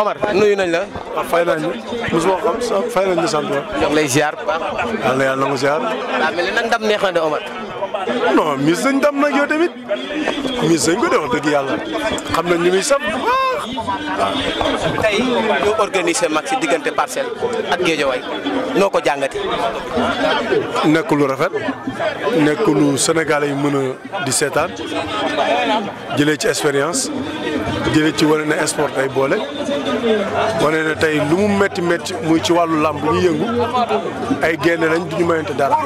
Omar nuyu nañ la. waaw ah, fay nañ ñu mosuma xam fay nañ ñu sant waat. lay ziar bu baax. yàlla nangu ziar. waaw ndam neex na de Omar. non mis dañ ndam nag yow tamit mis nañ ko de wax dëgg yàlla xam nañ ñu muy sant. waaw tey ñu organiser mag si diggante parcelle ak géejawaay noo ko jàngati nekk lu rafet nekk lu sénégalais yi mën a di seetaan jëlee ci expérience jële ci wane na sport day boole wane ne tey lu mu metti metti muy ci wàllu làmb ñu yëngu ay génne lañ du ñu mayante dara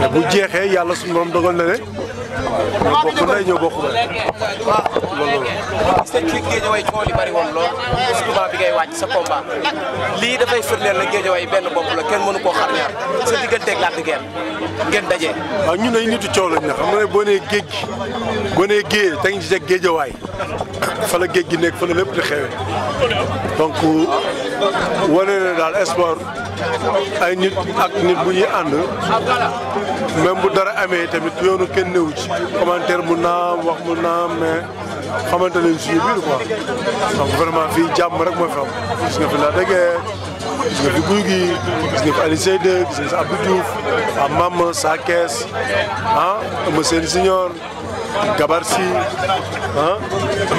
mais bu jeexee yàlla suñu borom dogal na ne ñoo ko ndey ñoo bokk ba loolu la. bari woon lool souvent bi ngay wàcc sa combat lii dafay firndeel na géejawaay benn bopp la kenn mënu koo xar ñaar sa digganteeg laaj ngeen ngeen daje. waaw ñun ay nitu coow lañ na xam ne boo nee géej boo nee géej te ñu ci teg géejawaay fala géej gi nekk fa lépp di xewe donc wane ne daal sport ay nit ak nit bu ñuy ànd même bu dara amee tamit yoonu kenn néew ci mu naam wax mu naam mais xamante nañ suñu biir quoi donc vraiment fii jàmm rek moo fi am gis nga fi la déggee gis nga fi guy gi gis nga fi Aliou Seyde gis nga fi Abdou Diouf a mam sa kees ah ama seen signor Gabar si ah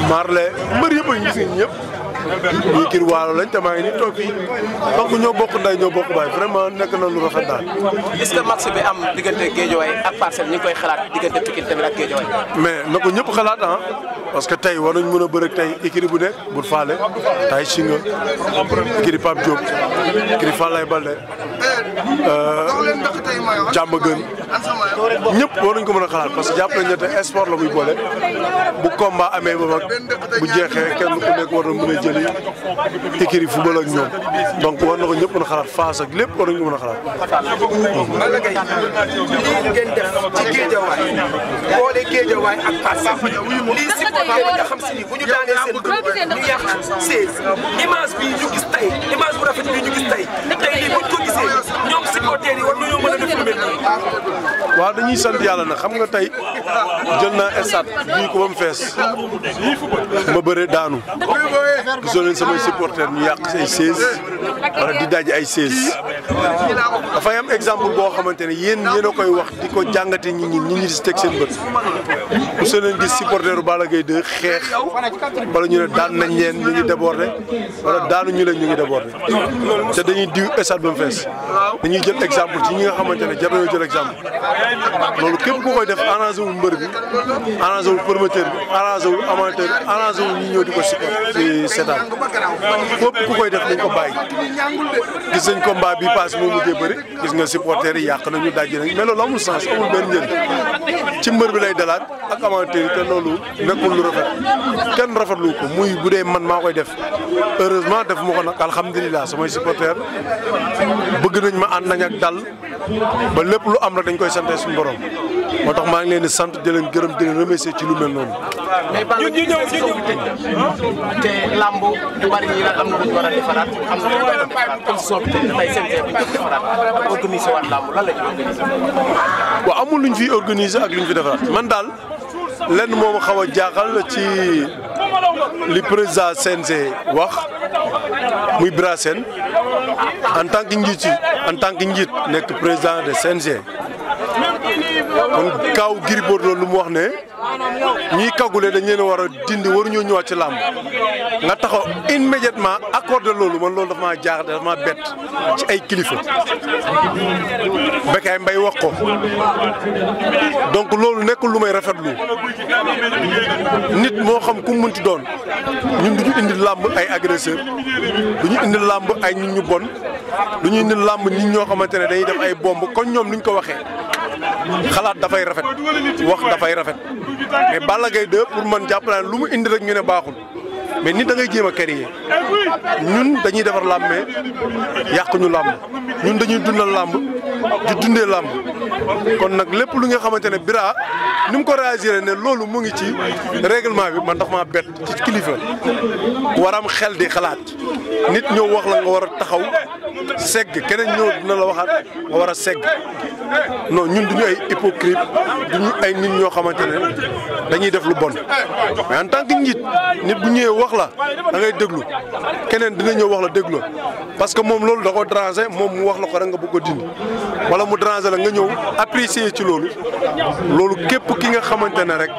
Marley mbër yëpp a ngi si ñëpp ñii kii waalo lañ te maa ngi nii toog fii donc ñoo bokk nday ñoo bokk baay vraiment nekk na lu rafet daal. est-ce bi am diggante Guédiawaye ak Parcelles ñu koy xalaat diggante Pikine tamit ak Guédiawaye. mais na ko ñëpp xalaat ah parce que tey war nañ mën a bëre tey écurie bu nekk bul faale tay Chinga écurie Pape Diop écurie Falaye Balde. jàmm gën ñëpp war nañ ko mën a xalaat parce que jàpp nañ ne te sport la muy boole bu combat amee ba mag bu jeexee kenn ku nekk war na mën jëli écurie football ak ñoom donc war ko ñëpp mën a xalaat face ak lépp war nañ ko mën a xalaat. Balla Gaye lii ngeen def ci ak Fass lii si boppam nga waaw dañuy sant yàlla nag xam nga tey jël naa stade bii ko ba mu fees ma bëre daanu gisoo leen samay supporters ñu yàq say seize wala di daj ay seize dafa yam exemple boo xamante ne yéen yéen a koy wax di ko jàngate ñi ñi ñi ñi si teg seen bët gisoo leen gis supporteru Balla Gaye de xeex wala ñu ne daan nañ leen ñu ngi débordé wala daanu ñu leen ñu ngi débordé te dañuy diw stade ba mu fees dañuy jël exemple ci ñi nga xamante ne jar nañoo jël exemple loolu képp ko koy def arrangé wul mbër bi arrangé wul promoteur bi arrangé wul amateur bi arrangé wul ñi ñëw di ko support ci seetaan képp ku koy def nañ ko bàyyi gis nañ combat bi paase moo mujjee bëri gis nga supporters yi yàq nañu dajji nañ mais loolu amul sens amul benn njëriñ ci mbër bi lay dalaat ak amateur te loolu nekkul lu rafet kenn rafetlu ko muy bu dee man maa koy def heureusement def ma ko nag alhamdulilah samay supporters bëgg nañ ma ànd nañ ak dal ba lépp lu am rek dañ koy sante suñu boroom moo tax maa ngi leen di sant di gërëm di leen remercier ci lu mel noonu. mais Balla ñu ñëw bari am na lu ñu amul lu ñu fiy ak lu ñu fi defaraat man daal lenn moom xaw a jaaxal ci li président CNG wax muy Bira Sène en tant que njiit ci en tant que njiit nekk président de CNG kon kaw Gris Bordeaux lu mu wax ne ñiy kagule dañ leen a war a dindi waruñoo ñëwaat ci làmb nga taxaw immédiatement accordé loolu man loolu dafa maa jaax dafa maa bett ci ay kilifa Bécaye mbay wax ko donc loolu nekkul lu may rafetlu nit moo xam ku munti doon ñun du ñu indi làmb ay agresseur du ñu indi làmb ay nit ñu bon lu ñu indi làmb nit ñoo xamante ne dañuy def ay bomb kon ñoom ni ñu ko waxee xalaat dafay rafet wax dafay rafet mais Balla Gaye pour man jàpp naa lu mu indi rek ñu ne baaxul mais nit dangay jéem a créer ñun dañuy defar làmb mais yàq làmb ñun dañuy dundal làmb di dundee làmb kon nag lépp lu nga xamante ne Bira ni mu ko réagir ne loolu mu ngi ci règlement bi man dafa maa bett ci kilifa waram xel di xalaat nit ñëw wax la nga war a taxaw segg keneen ñëw dina la waxaat nga war a segg non ñun duñu ay hypocrite duñu ay nit ñoo xamante ne dañuy def lu bon mais en tant que nit bu ñëwee wax la da ngay déglu keneen dina ñëw wax la déglu parce que moom loolu da ko moom mu wax la ko rek nga bëgg a dindi wala mu déranger la nga ñëw apprécier ci loolu loolu képp ki nga xamante ne rek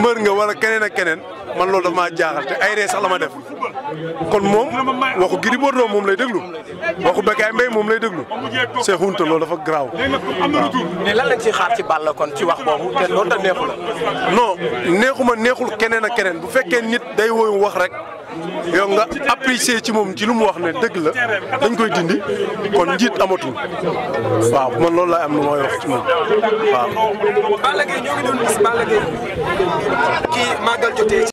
mbër nga wala keneen ak keneen man loolu dafa maa jaaxal te ay ree sax la ma def kon moom waxu Gris Bordeaux moom lay déglu waxu Bécaye Mbaye moom lay déglu c'est honte loolu dafa garaaw. mais lan lañ ciy xaar ci Balla kon ci wax boobu te loolu ta neexu la. non neexuma neexul keneen ak keneen bu fekkee nit day woyu wax rek. yow nga apprécier ci moom ci lu mu wax ne dëgg la dañ koy dindi kon njiit amatul waaw man loolu laay am lu may wax ci moom waaw.